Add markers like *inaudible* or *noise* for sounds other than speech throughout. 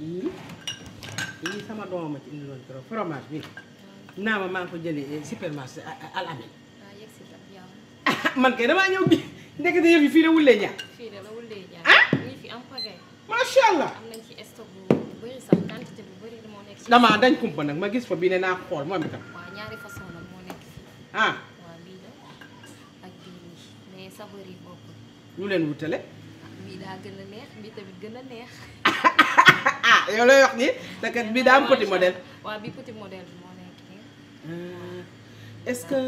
yii sama doom ma ci indi loon naa ma maa ngi ko jële eh, supermarché ah, ah, Al ah, *laughs* man kay damaa ñëw bi ndekete yëf yi fii de la wulee ñaar. ah ñu fi am allah am nañ ci stock bu bëri sax damaa dañ kumpa nag ma gis fa bii ne naa xool moom itam. waaw ñaari façon la moo nekk fii. ah waaw la ak bii nii mais saveur yi bokkul. lu leen wutale. ah daa gën a neex bii tamit gën a neex. *laughs* *laughs* ah yow lay wax ni te kat bi daam am ah, petit modèle. bi petit modèle euh, est-ce que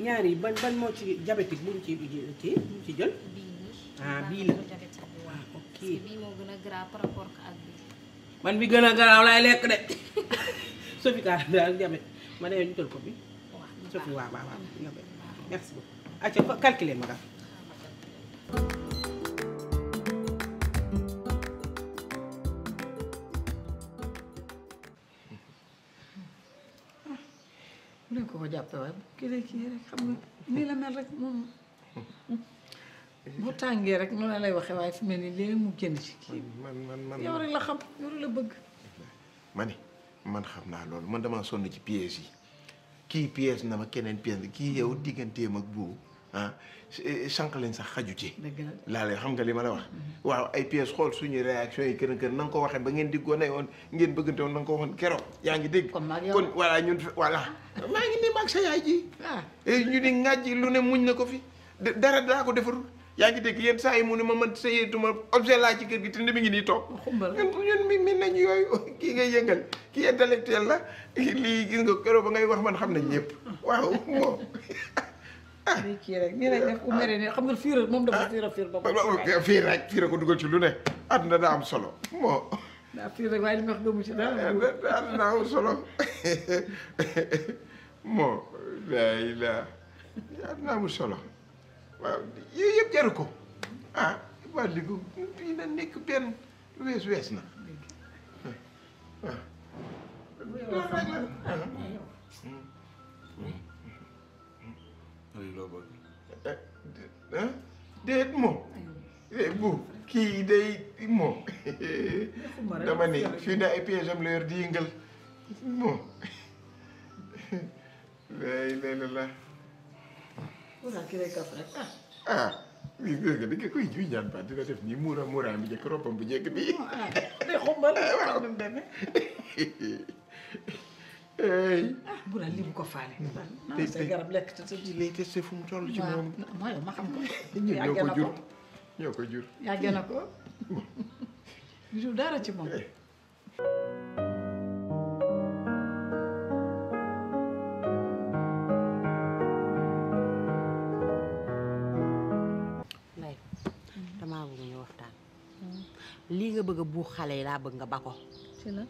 ñaari yi ban moo ci diabétique bu ñu ci kii bu ñu ci jël. bii ah bii la waaw ah, ok. bii moo gën a grave par rapport ak bii. man bi gën a garaaw laay lekk de *laughs* Sophie Ka daal diabète ma ne ñu ko bi. waaw Sophie waaw waaw waaw merci beaucoup. acca calculer ma kii kii rek xam nga la mel rek moom bu tàngee rek noonu lay waxee waaye fi mel nii léegi mu génn ci kii man man man la bëgg ma ni man xam naa loolu man damaa sonn ci pièces yi kii pièce na ma keneen pièce kii yow digganteem ak boobu ah eh, eh, sànq lañ sax xaju ci. laa lay xam nga li ma la wax. waaw ay pièces xool su ñu réaction yi kër kër na nga ko waxee ba ngeen di gone woon ngeen bëggante woon na nga ko waxoon keroog. yaa ngi dégg kon voilà ñun voilà. maa ngi nii maag sa yaay ji. Ah. Eh, ñu ni ŋaaj lu muñ na ko fi dara daa ko defarul. yaa dégg yenn saa yi mu ne ma man sëyeetuma objet laa ci kër gi te mi ngi nii toog. ñun ñun mi nañ nañu yooyu *laughs* kii ngay yëngal kii intellectuel la lii gis nga keroog ba ngay wax man xam nañ ñëpp mm. waaw moom *laughs* lii ah. kii rek nii rek def ku mere ne xam nga fiir moom dafa ah. fiir a fiir ba fiir rek fiir a ko dugal ci lu ne àdduna daa am solo moo daa fiir rek waaye li nga wax gëmu ci dara àdduna am solo *laughs* moo laay laa àdduna amul solo waaw yooyu yëpp jaru ko ah waa ligu fii na nekk benn wees wees na waaw loo bëgg déet moom kii day moom dama ni fii ne ay leer di yëngal moom lay lay la la ah oui gis nga da nga koy juy ñaan ba dina def nii muura muura bi njëkk roppam bu njëkk bi. ah ah Buraan lii bu ko faale. tey tey garab lekk te sa ji toll ci moom. waaw yow ma xam ko. ñoo na ko dara ci moom. lay eh. damaa bëgg lii nga bëgg a xale yi laa bëgg nga ba ko. ci lan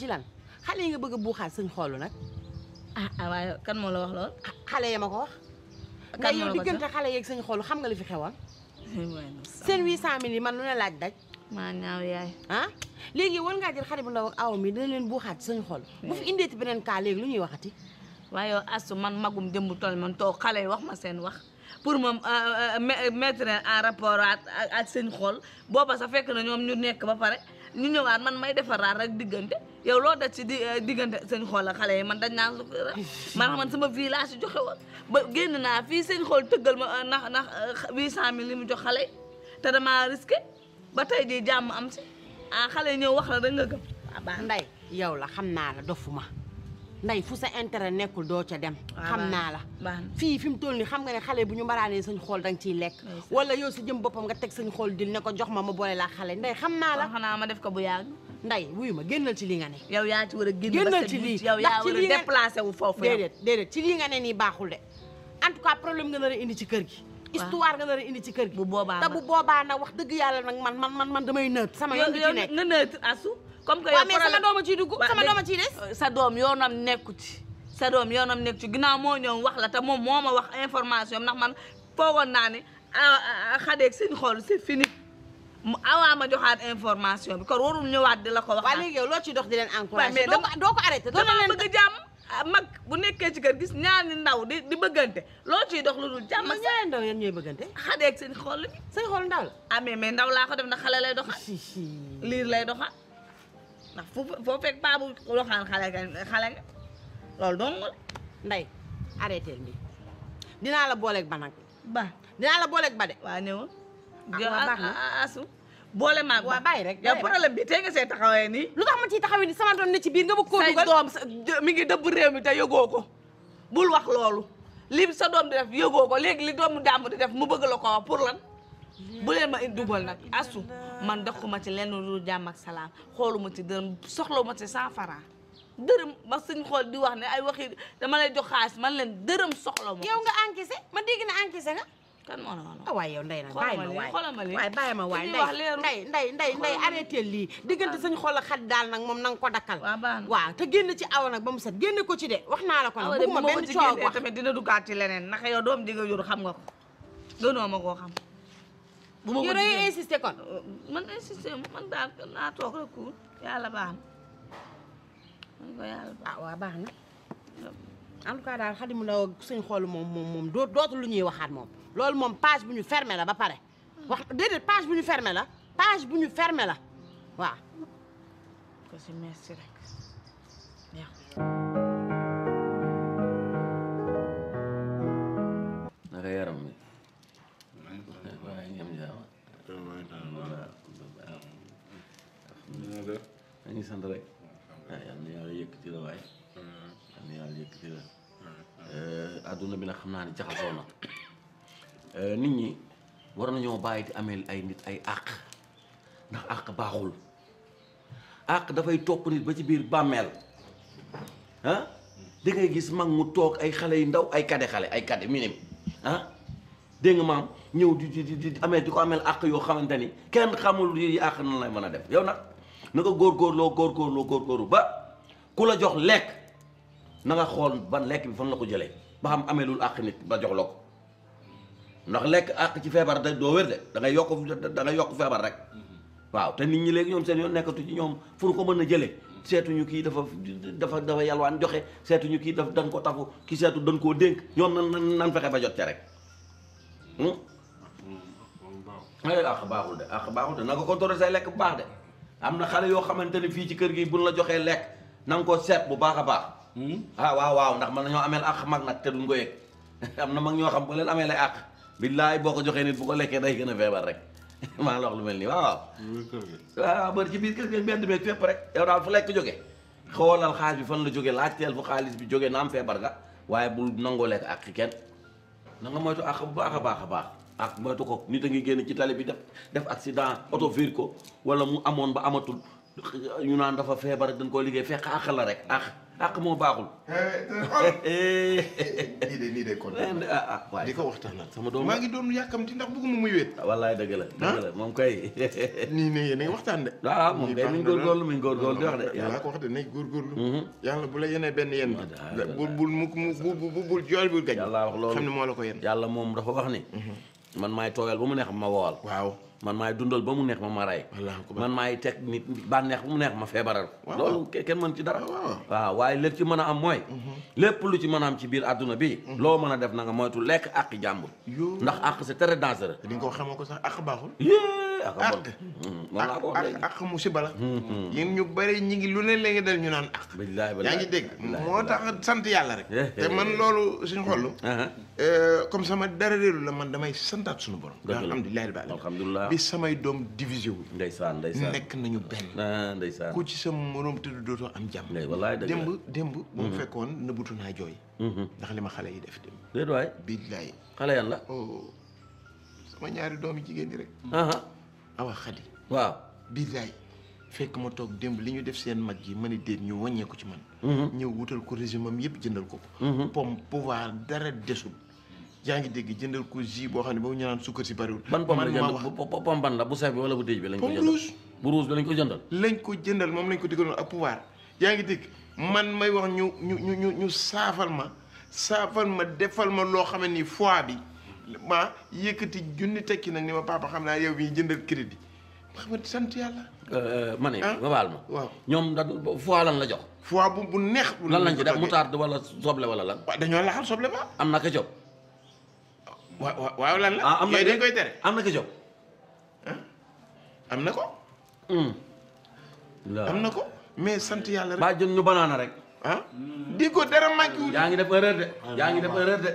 ci lan. xale yi nga bëgg bu buuxaat sañ xoolu nag. Ah, ah waaye kan moo la wax lool. Ah, xale yi ma ko wax. kan yow diggante xale yeeg sëñ xoolu xam nga li fi xewoon. Ah. seen 800000 yi man lu ne laaj daj. maa ñaaw yaay. ah léegi war ngaa jël xale bu ndaw aw mi dina leen buuxaat sëñ xool. bu fi indeeti beneen cas léegi lu ñuy waxati. waaye yow asu man magum démb tool man toog xale yi wax ma seen wax pour moom euh, euh, euh, mettre en rapport ak ak xool booba sa fekk na ñoom ñu nekk ba pare ñu ñëwaat man may defaraat rek diggante. yow loo daj ci di eh, diggante seen xool ak xale yi man dañ naa sukkura man man sama vie laa si joxe woon ba génn naa fii seen xool tëggal ma eh, ndax ndax eh, huit cent mille li mu jox xale yi te damaa risqué ba tey jii jàmm am si ah xale yi ñëw wax la da nga gëm. waaw ah, Ndeye yow la xam naa la dofuma. nday fu sa intérêt nekkul doo ca dem ah, xam naa la fii fi mu toll nii xam nga ne xale bu ñu mbaraanee sañ xool danga ciy lekk wala yow si jëm boppam nga teg sañ xool dil ne ko jox ma ma boole laa xale nday xam naa la xanaa ma def ko bu yàgg nday wuyu ma génnal ci li nga ne yow yaa ci war a génn génnal ci lii yow ci lii nga ne nii baaxul de en tout cas problème nga nar a indi ci kër gi histoire nga nar a indi ci bu boobaa te bu boobaa nag wax dëgg yàlla nag man man man man damay nëtt sama yoon di ci nekk nga nëtt asu comme que yow mais sama dooma ciy dugg sama euh, sa doom yoonam nekku ci sa doom yoonam nekku ci ginnaaw moo ñëw wax la te moom moo ma wax information ndax man foogoon naa ne ah, ah, ah, xadeeg seen xool c'est fini mu awaa ma joxaat information bi kon warul ñëwaat di la ko wax waa léegi yow loo ciy dox di leen encouragé doo ko arrêté doo leen bëgg jàmm Ah, mag bu nekkee ci kër gis ñaari ndaw di di bëggante loo ciy dox lu dul jàmm ak ñaari ndaw yan ñooy bëggante xale ak seen xol bi seen xol ndaw la ah mais mais ndaw laa ko dem na xale lay doxal liir lay doxal ndax fu foo fekk paa bu doxaan xale nga xale nga loolu dong nday arrêté bi dina la booleeg ba nag ba dinaa la booleeg ba de waa ñëw ah, ah, asu boole maag waa bàyyi rek yow problème bi tey nga see taxawee nii lu tax ma ciy taxawee nii sama doom ne ci biir nga bëgg koo dugal say dëbb réew mi te yëgoo ko bul wax loolu li sa doom di def yëgoo ko léegi li doomu dàmm di def mu bëgg la ko wax pour lan bu leen ma dugal nag asu man doxuma ci lenn lu jàmm ak salaam xooluma ci dërëm soxlawuma ci cent francs dërëm ma suñ xool di wax ne ay waxi dama lay jox xaalis man leen dërëm soxla ma yow nga encaissé ma dégg na encaissé nga kan moo la wax ah waaye yow ndey na bàyyi ma waay xoolal ma nday waaye bàyyi ma waay ndey lii diggante sañ xool a xat daal nag moom nang ko dakkal waaw te génn ci aw nag ba mu set génne ko ci de wax naa la ko nag bëgguma benn coow wax tamit dina duggaat ci leneen ndax yow doom di nga jur xam nga ko gënoo ma koo xam bu ma ko yoree insisté kon uh, man insisté man daal naa toog rek yàlla baax na man ko yàlla na ah, en tout cas daal xadimu ndaw ak sëñ xoolu moom moom moom dootu lu ñuy waxaat moom loolu moom page bu ñu fermé la ba pare wax déedéet page bu ñu ferme la page bu ni mm-hmm. euh, adduna bi na xam naa ne jaxasoo na euh, nit ñi war nañoo bàyyi di ameel ay nit ay àq ndax àq baaxul àq dafay topp nit ba ci biir bàmmeel ah mm-hmm. da ngay gis mag mu toog ay xale yu ndaw ay kade xale ay kade minim ah dégg nga maam ñëw di di di amee di ko ameel àq yoo xamante ni kenn xamul yi àq nan lay mën a def yow nag na ko góorgóorloo góorgóorloo góorgóorlu ba ku la jox lekk nanga xool ban lekk bi fan la ko jële ba xam amee lul àq nit ba jox la ko ndax lekk àq ci feebar da doo wér de da ngay yokk da yokk feebar rek waaw te nit ñi léegi ñoom seen yoo nekkatu ci ñoom fu ñu ko mën a jëlee seetuñu kii dafa dafa dafa yalwaan joxe seetuñu kii daf dañ ko tafu ki seetu dañ koo dénk ñoom nan nan fexe ba jot ca rek ay hmm? eh, àq baaxul de àq baaxul de na nga contrôler say lekk bu baax de am na xale yoo xamante ne fii ci kër gi buñ la joxee lekk na nga seet bu baax a baax Hmm? ah waaw waaw ndax man nañoo ameel àq mag nag te duñ ko yëg *laughs* am na mag ñoo xam bu leen amee lay àq billaay boo ko joxee nit bu ko lekkee day gën a feebar rek *laughs* maa la lu mel nii waaw waaw ah, bari ci biir kër gi mbedd meeg fépp rek yow daal fu lekk jóge bi fan la jóge laajteel fu xaalis bi jóge naam feebar nga waaye bul nangoo lekk àq kenn na nga moytu àq bu baax a baax a baax ak moytu ko nit a ngi génn ci tali bi def def accident oto fiir ko wala mu amoon ba amatul ñu naan dafa feebar dañ koo liggéey fekk àq la rek àq dàq moo baaxul. nii de nii de kontaan ah ah waay di ko waxtaanal sama doom maa ngi doon yàkkamti ndax bëgguma muy wéet. wallaay dëgg la dëgg la moom kay. nii ne yéen a ngi waxtaan de. waaw moom kay mi ngi góorgóorlu mi ngi góorgóorlu di wax de. yàlla ko wax de nay góorgóorlu. yàlla bu la yenee benn yen bi. bul bul mu bul bul jool bul gañ. yàlla wax loolu xam ne ko yen. yàlla moom dafa wax ni. man maay tooyal ba mu neex ma woowal. waaw man maay dundal ba mu neex ma ma rey. man maay teg nit bànneex bu mu neex ma feebaral ko. loolu kenn mën ci dara. waaw waaye lépp ci mën a am mooy. Mhm. lépp lu ci mën a am ci biir àdduna bi. Mhm. loo mën a def na nga moytu lekk àq jàmbur. ndax àq c'est très dangereux. di nga ko xamoo ko sax àq baaxul. yee ak a bon ak ak musiba la hmm, hmm. yéen ñu bëri ñi ngi lu ne léegi dal ñu naan ak yaa ngi dégg moo tax sant yàlla rek eh, te eh. man loolu suñu xollu hmm, eh, comme sama dara réeru la man damay santaat suñu borom alhamdulilahi alhamdulilah bi samay doom divisé wu ndeysaan ndeysaan nekk nañu benn ah, ndeysaan ku ci sa morom tudd dootoo am jàmm démb démb bu mu fekkoon nëbbutu naa jooy ndax li ma xale yi def démb déet waay billaay xale yan la oh, sama ñaari doomi jigéen ñi rek ah, ah. awa xadi waaw billaay fekk ma toog démb li ñu def seen mag yi ma ni déet ñu wàññee ko ci man mm-hmm. ñëw wutal ko régime am jëndal ko ko mm-hmm. pomme pouvoir ko jus boo xam ne boobu ñu naan sukkar si bariwul ban pomme ban la bu saf bi wala bu déj bi lañ ko jëndal pomme rouge bu rouge bi lañ ko jëndal lañ ko jëndal moom lañ ko digaloon ak pouvoir yaa ngi dégg man may wax ñu ñu ñu ñu saafal ma saafal ma defal ma loo xam ne nii foie bi ma yëkkati junni tekki nag ni ma papa xam naa yow bi jëndal crédit ma xam sant yàlla. Euh, euh, ma ne ah? ma baal ma. waaw ñoom da fois lan la jox. fois bu bu neex. lan lañ ci def moutarde wala soble wala lan. waaw dañoo laxal soble ba. am na la. ah am na yooyu dañ koy tere. am na ketchup. Ah? am na hmm. na ko mais sant yàlla rek. baa jën ñu banaana rek. ah di ko dara manqué wu. yaa ngi def erreur de. Ah, yaa ngi def erreur de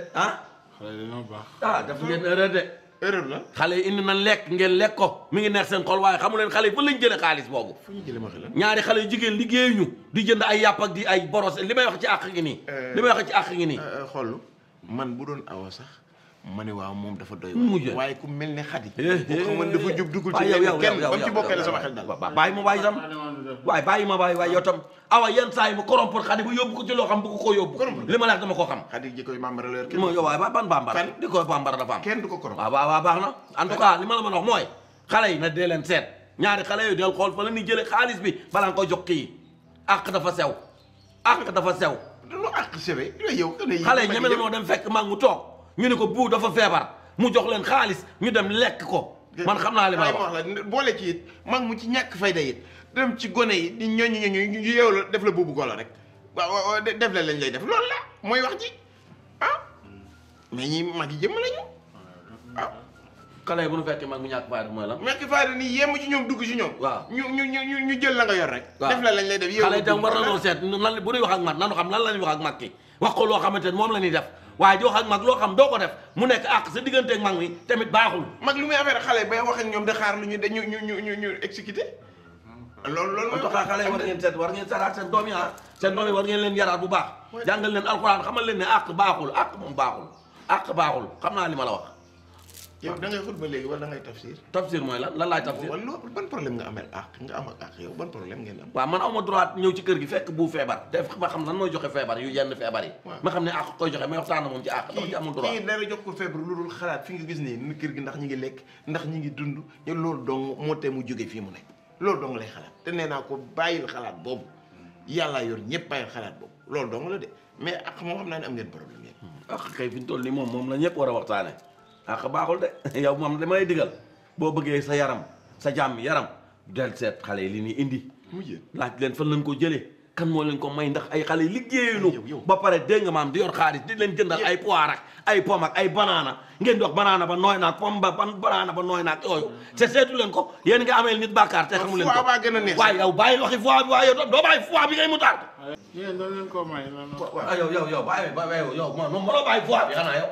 xale yi dañoo baax. ah daf ngeen erreur de. erreur la. xale yi indi nan lekk ngeen lekk ko mi ngi neex seen xol waaye xamu leen xale yi fa lañ xaalis boobu. fu ñu jëlee ma xel ñaari xale yu jigéen liggéey ñu di jënd ay yàpp ak di boros li may wax ci àq gi nii. Eh, li may wax ci àq gi nii. Eh, eh, xool man bu doon awa sax. ma ne waaw moom dafa doy waar. waaye ku mel ne xadi. boo ko mën dafa jub dugul ci. yow yow yow yow yow yow yow yow yow yow yow yow yow yow yow yow yow awa yenn saa yi mu corrompre xadi bu yóbbu ko ci loo xam bëgg koo yóbbu li ma la wax dama koo xam xadi ji koy bambara leer kenn moo yow waaye ba ban bambara di koy bambara dafa am kenn du ko corrompre waaw waaw waaw baax na en tout cas li ma la mën a wax mooy xale yi na dee leen seet ñaari xale yooyu del xool fa la ñuy jële xaalis bi balaa nga koy jox kii àq dafa sew àq dafa sew lu àq sewee yow xale yi ñeme nañoo dem fekk mag mu toog ñu ne ko buu dafa feebar mu jox leen xaalis ñu dem lekk ko man xam naa li ma la wax boole ci mag mu ci ñàkk fayda it dem ci gone yi di ñooñu ñooñu ñu yeew la def la buubu golo rek waaw def la lañ lay def loolu la mooy wax ji ah mais ñi mag yi jëmm lañu waaw. xale yi bu nu fekkee mag mu ñàkk faayda mooy lan. ñàkk faayda nii yem ci ñoom dugg ci ñoom. waaw ñu ñu ñu ñu jël la nga yor rek. def la lañ lay def yeewu. xale itam war nañoo seet nan bu ñuy wax ak mag nanu xam lan la ñuy wax ak mag ki wax loo xamante ne moom la ñuy def. waaye di wax ak mag loo xam doo ko def mu nekk àq sa diggante ak mag mi tamit baaxul. mag lu muy affaire xale bay wax ak ñoom de xaar lu ñu de ñu ñu ñu ñu loolu loolu en tout cas xale yi war ngeen seet war ngeen saraat seen doom yi ah baax jàngal leen alxuraan baaxul xam naa li ma la wax yow da ngay xutba léegi wala da ngay tafsir tafsir mooy lan lan laay tafsir wala ban problème nga amel àq am ak àq yow ban ci kër gi fekk bu feebar def ma xam lan mooy joxe feebar yu yenn feebar yi ma xam ne àq joxe may waxtaan moom ci àq dama ci amul droit kii dara jox ko feebar lu dul xalaat fi nga gis ngi lekk ndax ñi ngi dund ñu loolu dong moo tee mu jóge fii mu ne loolu dong lay xalaat te nee naa ko bàyyil xalaat boobu yàllaa yor ñëpp bàyyil xalaat boobu loolu dong la de mais ak moom xam naa ne am ngeen problème yéen. ak ah, kay tol ñu toll nii moom moom la ñëpp war a waxtaane ak ah, baaxul de *laughs* yow moom dama lay digal boo bëggee sa yaram sa jàmm yaram del seet xale yi li ñuy indi. laaj leen fan lañ ko jëlee. kan moo leen ko may ndax ay xale liggéeyuñu ba pare dégg nga maam di yor xaalis di leen jëndal ay poire ak ay pomme ak ay banana ngeen di wax banana ba nooy naag pomme ba banana ba nooy naag yooyu te seetu leen ko yéen nga ameel nit bàkkaar te xamu leen ko waaye yow bàyyi waxi fois bi waaye yow doo bàyyi fois bi ngay mu taal yéen doo leen ko may yow yow yow bàyyi bàyyi yow moom mënoo bàyyi fois bi xanaa yow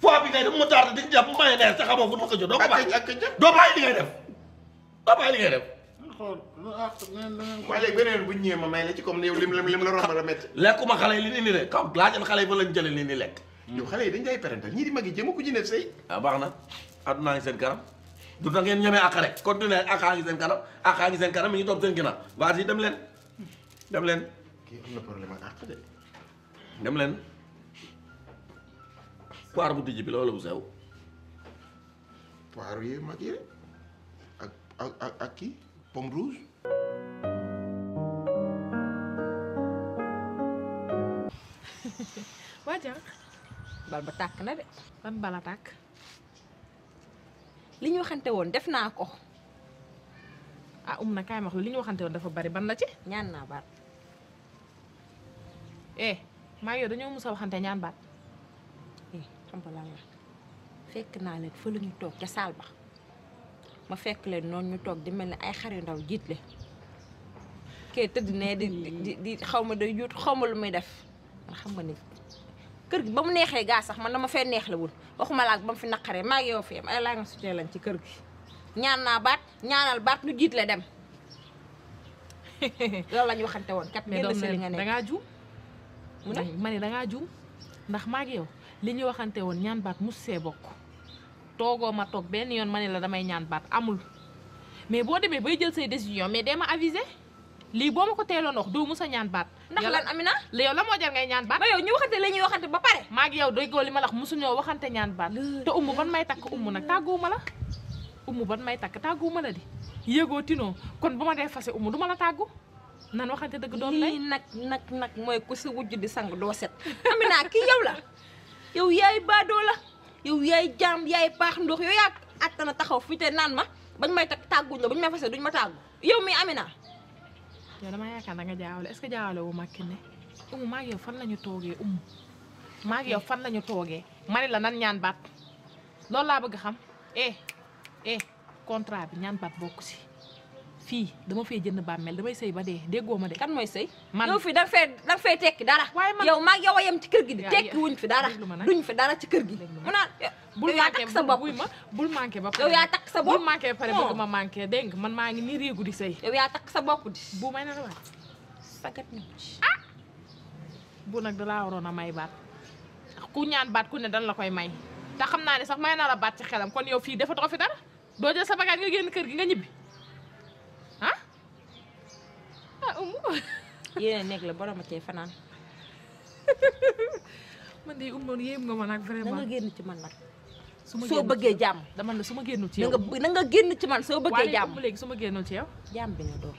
fois bi ngay def mu taal di jàpp mayonnaise te xamoo fu ma ko jot doo ko bàyyi doo bàyyi li ngay def doo bàyyi li ngay def xool lu àq bu ñu ñëwee ma may la ci comme yow lim lim lim la romb la métti. lekkuma xale li ni rek kaw laajal yi fa lañ jëlee li ni lekk. Hmm. yow xale yi dañ lay parental ñii di mag i jéem a ko jëndee sëy. waaw ah, baax na àdduna ngi seen kanam du da ngeen ñemee àq rek continué àqaa ngi seen kanam àqaa ngi seen kanam mi ngi topp seen ginnaaw waa si dem leen dem leen. kii am na de. dem leen poire bu dijj sew. poire yu mag yi ak pomme rouge. *laughs* waa jàng bal ba tàkk na de ban bala tàkk li ñu waxante woon def naa ko ah um na kaay ma wax li ñu waxante woon dafa bari ban la ci ñaan naa baat eh maa yow dañoo mus waxante ñaan baat eh, fekk naa leen fa la toog ca saal ba ma fekk leen noonu ñu toog di mel ni ay xar yu ndaw jiit le kee tëdd ne di di xaw ma day juut xaw ma lu muy def man xam nga ni kër gi ba mu neexee gaa sax man dama fee neexlewul waxuma laak ba mu fi naqaree maa ngi yow fi am ay laa nga sutee lañ ci kër gi ñaan naa baat ñaanal baat lu jiit le dem *laughs* loolu la waxante woon kat génn si li nga ne dangaa juum mu ne ma ne dangaa juum ndax maa ngi yow li ñu waxante woon ñaan baat mus see bokk toogoo ma toog benn yoon ma ne la damay ñaan baat amul mais boo demee bay jël say décision mais dee ma avisé lii boo ma ko teeloon wax doo musa ñaan baat. ndax lan Amina yow la moo jar ñaan ba yow ñu waxante la ñuy waxante ba pare. maa ngi yow déggoo li ma la wax mosuñoo waxante ñaan baat. te umu ban may takk umu nag tàgguwuma la. umu ban may takk tàgguwuma la di yëgoo tinoo kon bu ma fase umu du ma la tàggu. nan waxante dëgg doom lay nag nag nag mooy ku si wujj di sang doo set. Amina kii yow la *laughs* yow yaay baadoo la. yow yaay jaam yaay baax ndox yow yaa attana taxaw fi te naan ma bañ may tag tàgguñ la bañ may fase duñ ma tàggu yow mi Amina. yow damaa yaakaar da nga jaawale est-ce que jaawale wu ma Kine umu maa ngi fan lañu toogee umu maa ngi yow fan lañu toogee mani la nan ñaan baat loolu laa bëgg xam eh eh contrat bi ñaan baat bokk si. fii dama fee jënd bàmmeel damay sëy ba dee déggoo ma de. kan mooy sëy man yow fii da nga fee tekki dara. waaye man yow maa yow a yem ci kër gi di tekki wuñ fi dara. duñ fi dara ci kër gi. mu naan bul sa bopp buy ma bul manqué ba pare. yow yaa takk sa bopp bul manqué ba pare oh. ma ngi nii réegu di sëy. yow yaa takk sa bopp di. bu may na la waat ah! nag da laa waroon a may baat ku ñaan baat ku ne dan la koy may te xam naa ne sax may na la baat ci xelam kon yow fii dafa too fi dara doo jël sa bagaat nga génn kër gi nga ñibbi umu yéene nekk la borom a cee fanaan *laughs* man de umoon yéem nga ma nag vraiment génn ci man nag soo bëggee jàmm dama ne su ma génnul ci yow na nga génn ci man soo bëggee jàmm um léegi su ma génnul ci yow jàmm bi nga doon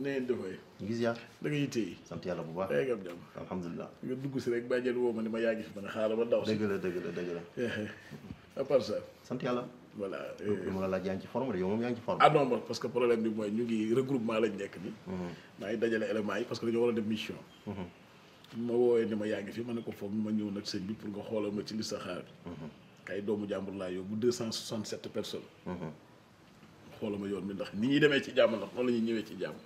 na ngeen defee ngi ziar da ngay téye sant yàlla bu baax eh, alhamdulilah nga dugg si rek bàjjen woo ma ni ma yaa ngi fi man a xaaral ba daw si dëgg la dëgg la dëgg la eh, eh. à sant yàlla voilà. Euh. ma la laaj yaa ngi ci forme de yow moom yaa ngi ci ah parce que problème mooy ñu ngi regroupement lañ nekk nii. Mhm. maa ngi dajale éléments yi parce que dañoo war a dem mission. Mhm. ma woowee ni ma yaa ngi fi ma ne ko foofu ma ñëw nag sëñ bi pour nga xoolal ma ci li saxaar bi. Mhm. kay doomu jàmbur laa yóbbu deux cent soixante sept personnes. xoolal ma yoon bi ndax ni ñuy demee ci jàmm ndax noonu la ñuy ñëwee ci jàmm.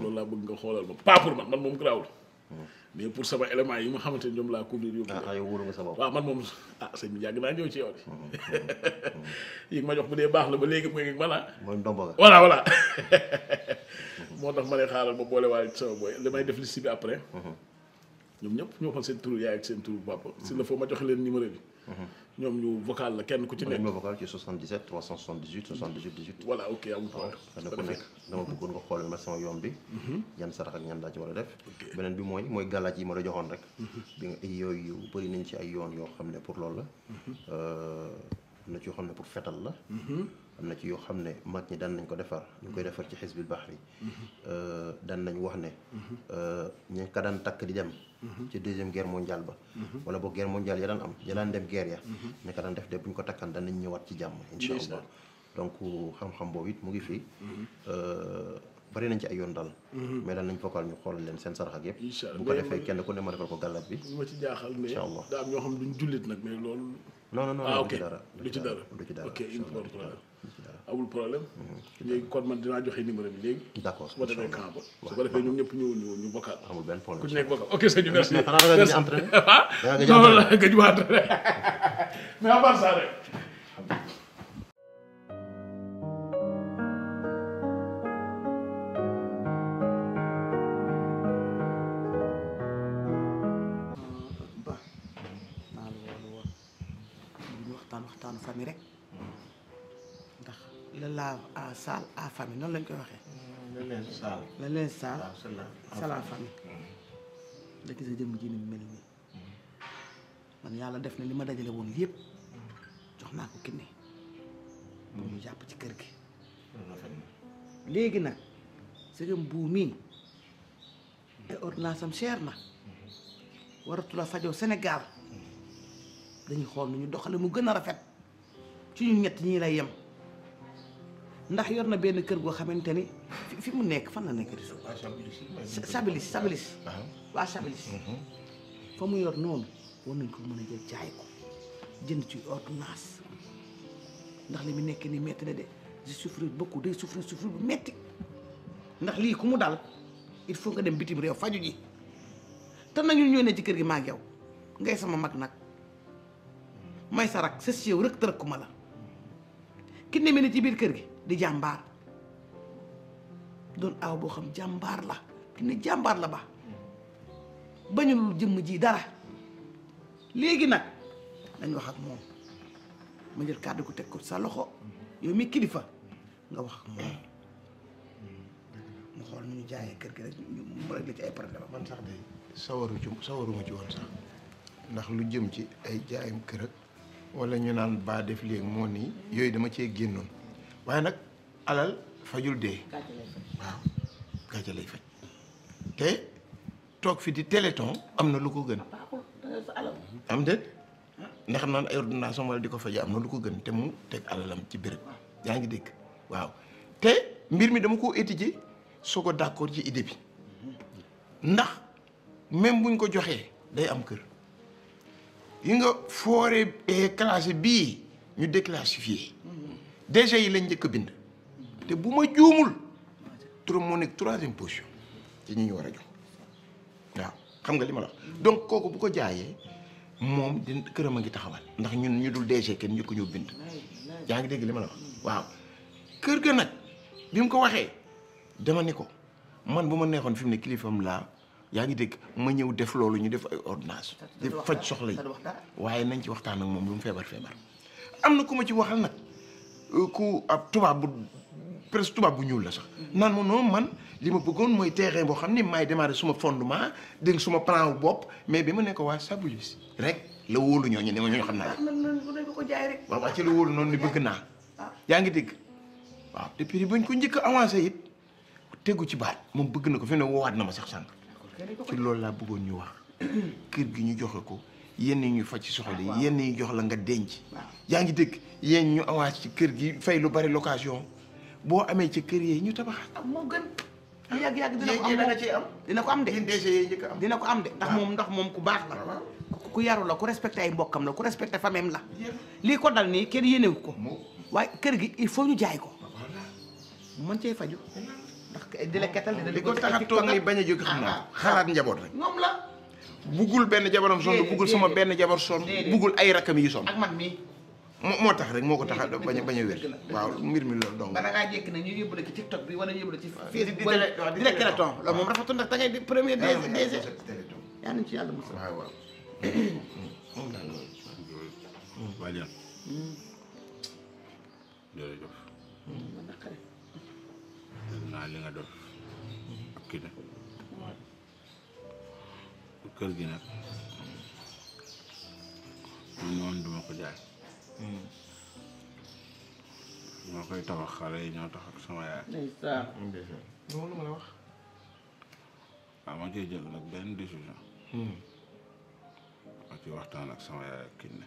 loolu laa bëgg nga xoolal ma pas pour man man moom garaawul. mais pour sama élément yi ma xamante ñoom laa couvrir yóbbu ah, ah, yow wóolu nga man moom ah sëñ bi yàgg naa ñëw ci yow de yi ma jox bu dee baax la ba léegi mu ngi mana mooy ndomba nga *laughs* moo tax ma ne xaaral ba boole waale sama booy li may def liste bi après mm-hmm. ñoom ñëpp ñoo xam seen tur yaay ak seen tur papa s'il le faut ma joxe leen numéro bi ñoom ñu vocal la kenn ku ci nekk. ñu vocal ci 77 378 78 18. voilà ok amul problème waaw ku nekk dama bëggoon nga xoolal ma sama yoon bi. Mhm. yan sarax ak ñan laa ci war a def. beneen bi mooy mooy gàllaaj yi ma la joxoon rek. Mhm. bi nga yooyu bëri nañ ci ay yoon yoo xam ne pour lool la. Mhm. Euh, am na ci yoo xam ne pour fetal la. am na ci yoo xam ne mag ñi daan nañ ko defar. ñu koy defar ci xisbil baax yi. daan nañ wax ne. Euh, ña ka daan takk di dem. ci deuxième guerre mondiale ba mhm. wala boo guerre mondiale ya daan am ya daan dem guerre ya mhm. naka daan def de bu ñu ko takkan danañ ñëwaat ci jàmm insha allah donc xam-xam boobu mu ngi fii mhm. euh, bari nañ ci ay yoon daal mais daan nañ fokkal ñu xoolal leen seen sarax ak yëpp bu ko defee kenn ku ne ma defal ko gàllab bi ma ci jaaxal mais incha allah nag mais loolu non non non ah, du ci dara du ci dara du ci dara amul problème. Mhm. kon man dinaa joxe numéro bi léegi. su ma demee camp su ko defee ñoom ñëpp ñëw ñu ñu bokkaat. amul benn problème ku ci nekk bokkaat ok sëñ bi merci. da nga gëj a entraîné. *laughs* Ah? da nga gëj a entraîné *laughs* mais noonu lañ koy waxee. leneen saal leneen saal. salaam mel nii. def na li ma dajale woon yépp jox naa ko kinne jàpp ci kër gi. léegi nag sëgëm buu mii ay na waratula fajoo Sénégal dañuy xool nu ñu doxale mu gën a rafet ci ñu ñett ñii lay yem ndax yor na benn kër goo xamante ni fi mu nekk fan la nekk di suuf sabilis mhm. mu yor noonu war nañ ko mën a jël jaay ko ndax li mu nekk ni metti na de je souffrir beaucoup metti ndax lii ku mu dal il faut nga dem bitim réew faju ji te nañu ñoo ne ci kër gi maa ngi ngay sama mag nag may sa rak sa si yow rëkk tërëkku ma la ki ne mi ne ci biir kër gi di jàmbaar doon aw boo xam jàmbaar la ki ne jàmbaar la ba bañul jëmm ji dara léegi nag dañ wax ak moom ma jël kàddu ko teg ko sa loxo yow mi kilifa nga wax ak moom mu xool nu ñu jaayee kër gi rek mu rek sawaru ci sawaruma ci woon ndax lu jëm ci ay kër ak wala ñu naan baa def léegi moo nii yooyu dama cee génnoon waaye nag alal fajul dee waaw gàcce lay faj te toog fi di téléthon am na lu ko gën ah, am déet ndax naan ay ordonnance wala di ko faje am na lu ko gën te mu teg alalam ci bërëb yaa ngi dégg waaw te mbir mi dama koo étudier soo ko d'accord ci idée bi ndax même buñ ko joxee day am kër yi nga foore eh, classé bii ñu déclassifié DG yi lañ njëkk a bind te bu ma juumul turam moo nekk troisième position ci ñi ñu war a xam nga li ma donc kooku bu ko jaayee moom di këram a ngi taxawal ndax ñun ñu dul DG kenn ñu ko ñoo bind yaa ngi dégg li ma la waaw kër ga nag bi mu ko waxee dama ni ko man bu ma neexoon fi mu ne laa yaa ngi dégg ma ñëw def loolu ñu def ay ordonnance di faj soxla yi waaye nañ ci waxtaan ak moom lu mu feebar feebar am na ku ma ci waxal nag Euh, ku ab tubaab bu presque tubaab bu ñuul la sax. naan ma non man li ma bëggoon mooy terrain boo xam ni maay démarrer suma fondement dégg suma plan wu bopp mais bi ma ne ko waa Sabulis rek la wóolu ñooñu ne ma ñooñu xam naa. man man bu ko jaay rek. waaw ci la wóolu noonu ni bëgg naa. Ah. yaa ngi dégg waaw depuis bañ ko njëkk avancé it tegu ci baat moom bëgg na ko fi ne woowaat na ma sax sànq. ci laa bëggoon ñu wax *coughs* kër gi ñu joxe ko. yenn yi ñu faj ci soxla yi yenn yi jox la nga denc yaa ngi dégg yéen ñu awaat ci kër gi fay lu bari location boo amee ci kër yi ñu tabaxaat ah, moo gën ah. yàgg yàgg dina ko am dina am dina ko am de dina ko am de ndax moom ndax moom ku baax la ku yaru la ku respecté ay mbokkam la ku respecté famem la lii ko dal nii kenn yéenewu ko waaye kër gi il faut ñu jaay ko ah, mën cee faju ndax di la kettal di ko tax toog nii bañ a jóg xam naa xalaat njaboot rek moom la buggul benn jabaram sonn buggul sama benn jabar sonn buggul ay rakkam yi sonn ak moo tax rek moo ko tax a bañ a a waaw mbir mi loolu dong bala ngaa jékki ne ñu yóbbu la ci tiktok bi di la téléthon loolu moom rafetul nag da ngay di premier DG DG yaa ci yàlla mos waaw kër gi nag man duma ko jaay moo hmm. koy tabax xale yi ñoo tax ak sama yaay loolu ma la wax waaw ah, nag benn hmm. waxtaan ak sama yaay ak kinne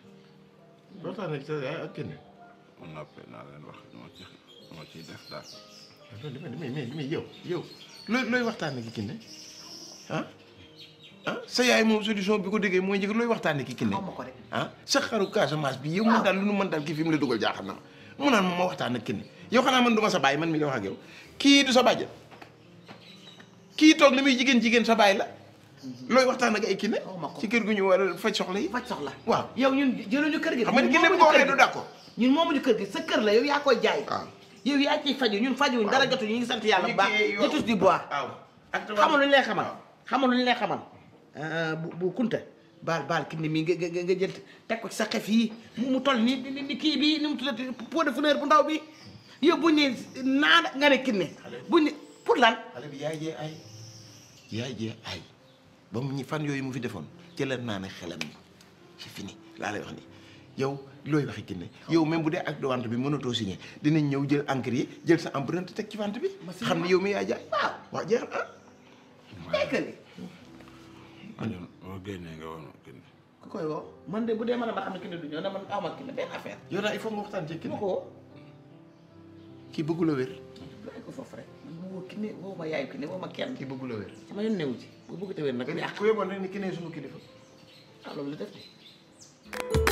waxtaan ak mu noppee naa leen wax ma ci ma ciy def daal loolu li may li may looy looy waxtaan ak kinne ah ah sa yaay moom solution bi ko déggee mooy njëkk looy waxtaanee ki kile ah sa xaru Casamance bi yow man daal lu nu mën daal kii fi mu la dugal jaaxal na ma mu naan moom ma waxtaan ak kenn yow xanaa man du ma sa bàyyi man mi la wax ak yow kii du kii toog li muy jigéen jigéen sa bàyyi la mhm. looy waxtaan ak ay kinne ci kër gu ñu war a faj soxla yi faj soxla waaw yow ñun jëluñu kër gi xam nga kinne bu ko waxee du d'accord ñun moomuñu kër gi sa kër la yow yaa koy jaay waaw ah. yow yaa ciy faju ñun fajuñ dara jotuñu ñu ngi sant yàlla bu baax di tous di bois waaw xamal luñu lay xamal xamal luñu lay xamal Euh, bu bu kunta baal baal kii mii nga nga nga jël teg ko ci sa xef yi mu toll nii ni kii bii ni mu tuddati pot de fleur bu ndaw bi yow bu ñu naan nga ne kinne bu ñu pour bi yaay jee ay yaay jee ñu fan yooyu mu fi defoon jëlal naa ne xelam ni c'est fini laa la wax ni yow looy waxi kinne yow même bu dee ak wante bi mënatoo signé dinañ ñëw jël encre yi jël sa empreinte teg ci wante bi. xam ne yow mi yaay jaay waaw waaw ah. allo waaw génne nga man de bu dee man a ma xam ne Kine du ñëw ne man aw ma Kine benn affaire. yow daal il faut nga waxtaan ci Kine. ko kii bëggu la wér. bàyyi ko foofu rek man ma woo Kine woo ma yaayu Kine woo ma kenn. kii bëggu wér. sama yoon newu ci bu bëgg wér nag. ñu àq ku yóbboon rek ni Kine suñu kilifa. ah loolu def de.